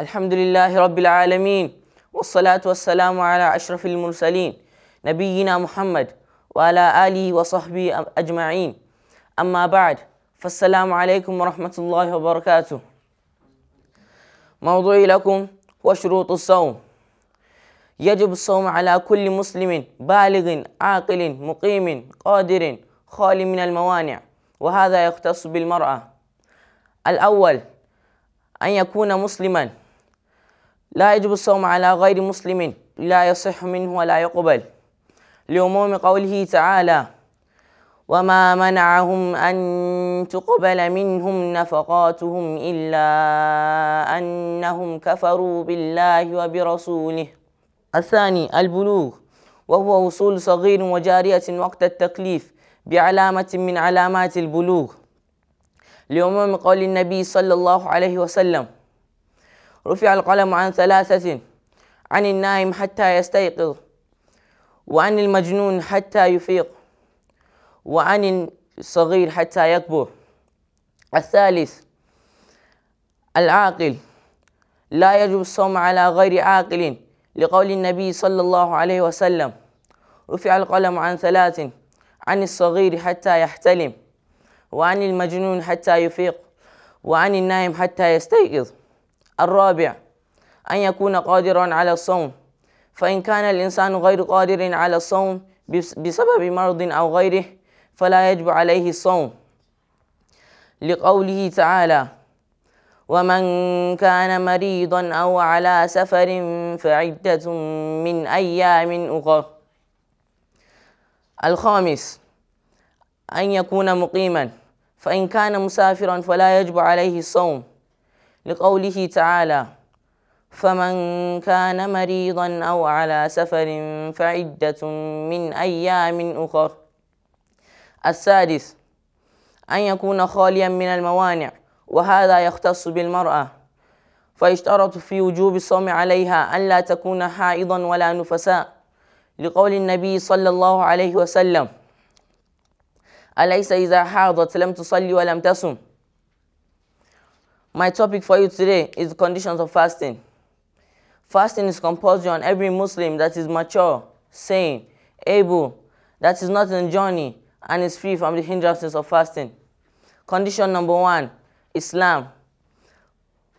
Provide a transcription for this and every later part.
الحمد لله رب العالمين والصلاة والسلام على أشرف المرسلين نبينا محمد وعلى آله وصحبه أجمعين أما بعد فالسلام عليكم ورحمة الله وبركاته موضوعي لكم هو شروط الصوم يجب الصوم على كل مسلم بالغ عاقل مقيم قادر خالي من الموانع وهذا يختص بالمرأة الأول أن يكون مسلماً لا يجب الصوم على غير مسلم لا يصح منه ولا يقبل لعموم قوله تعالى وما منعهم أن تقبل منهم نفقاتهم إلا أنهم كفروا بالله وبرسوله الثاني البلوغ وهو وصول صغير وجارية وقت التكليف بعلامة من علامات البلوغ لعموم قول النبي صلى الله عليه وسلم رفع القلم عن ثلاثة عن النائم حتى يستيقظ وعن المجنون حتى يفيق وعن الصغير حتى يكبر الثالث العاقل لا يجب الصوم على غير عاقل لقول النبي صلى الله عليه وسلم رفع القلم عن ثلاث عن الصغير حتى يحتلم وعن المجنون حتى يفيق وعن النائم حتى يستيقظ الرابع أن يكون قادرا على الصوم فإن كان الإنسان غير قادر على الصوم بسبب مرض أو غيره فلا يجب عليه الصوم لقوله تعالى ومن كان مريضا أو على سفر فعدة من أيام أخر الخامس أن يكون مقيما فإن كان مسافرا فلا يجب عليه الصوم لقوله تعالى فمن كان مريضا أو على سفر فعدة من أيام أخر السادس أن يكون خاليا من الموانع وهذا يختص بالمرأة فيشترط في وجوب الصوم عليها أن لا تكون حائضا ولا نفساء لقول النبي صلى الله عليه وسلم أليس إذا حاضت لم تصلي ولم تصم My topic for you today is the conditions of fasting. Fasting is compulsory on every Muslim that is mature, sane, able, that is not in journey, and is free from the hindrances of fasting. Condition number one, Islam.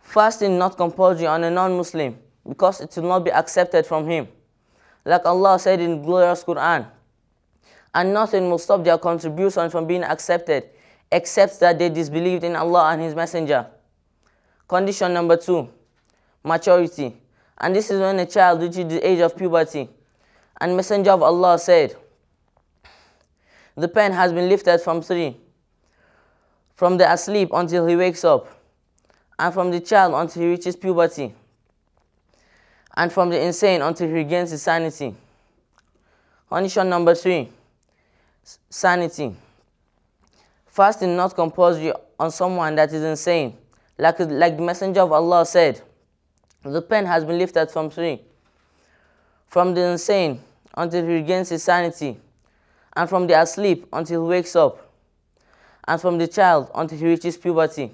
Fasting not compulsory on a non-Muslim because it will not be accepted from him. Like Allah said in glorious Quran, and nothing will stop their contribution from being accepted except that they disbelieved in Allah and His Messenger. Condition number two, maturity. And this is when a child reaches the age of puberty. And Messenger of Allah said, The pen has been lifted from three, from the asleep until he wakes up, and from the child until he reaches puberty, and from the insane until he regains his sanity. Condition number three, sanity. Fasting not compulsory on someone that is insane like, like the Messenger of Allah said, the pen has been lifted from three, from the insane until he regains his sanity, and from the asleep until he wakes up, and from the child until he reaches puberty.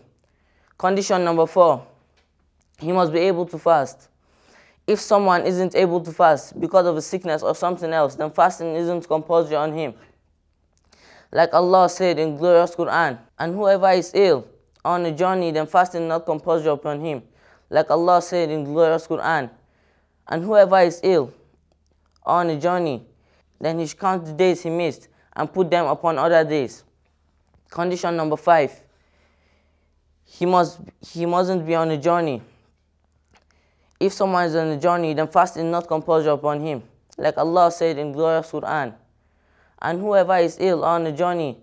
Condition number four, he must be able to fast. If someone isn't able to fast because of a sickness or something else, then fasting isn't compulsory on him. Like Allah said in glorious Quran, and whoever is ill on a journey, then fasting not compulsory upon him. Like Allah said in the glorious Quran, and whoever is ill on a journey, then he should count the days he missed and put them upon other days. Condition number five, he, must, he mustn't be on a journey. If someone is on a journey, then fasting not compulsory upon him. Like Allah said in glorious Quran, and whoever is ill on a journey,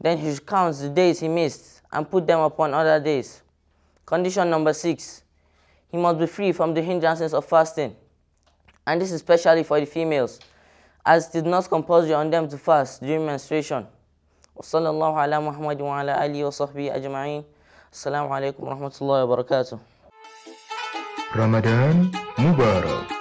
then he counts the days he missed and put them upon other days. Condition number six, he must be free from the hindrances of fasting. And this is especially for the females, as it is not compulsory on them to fast during menstruation. وصلى الله على محمد وعلى آله وصحبه أجمعين السلام wa ورحمة الله وبركاته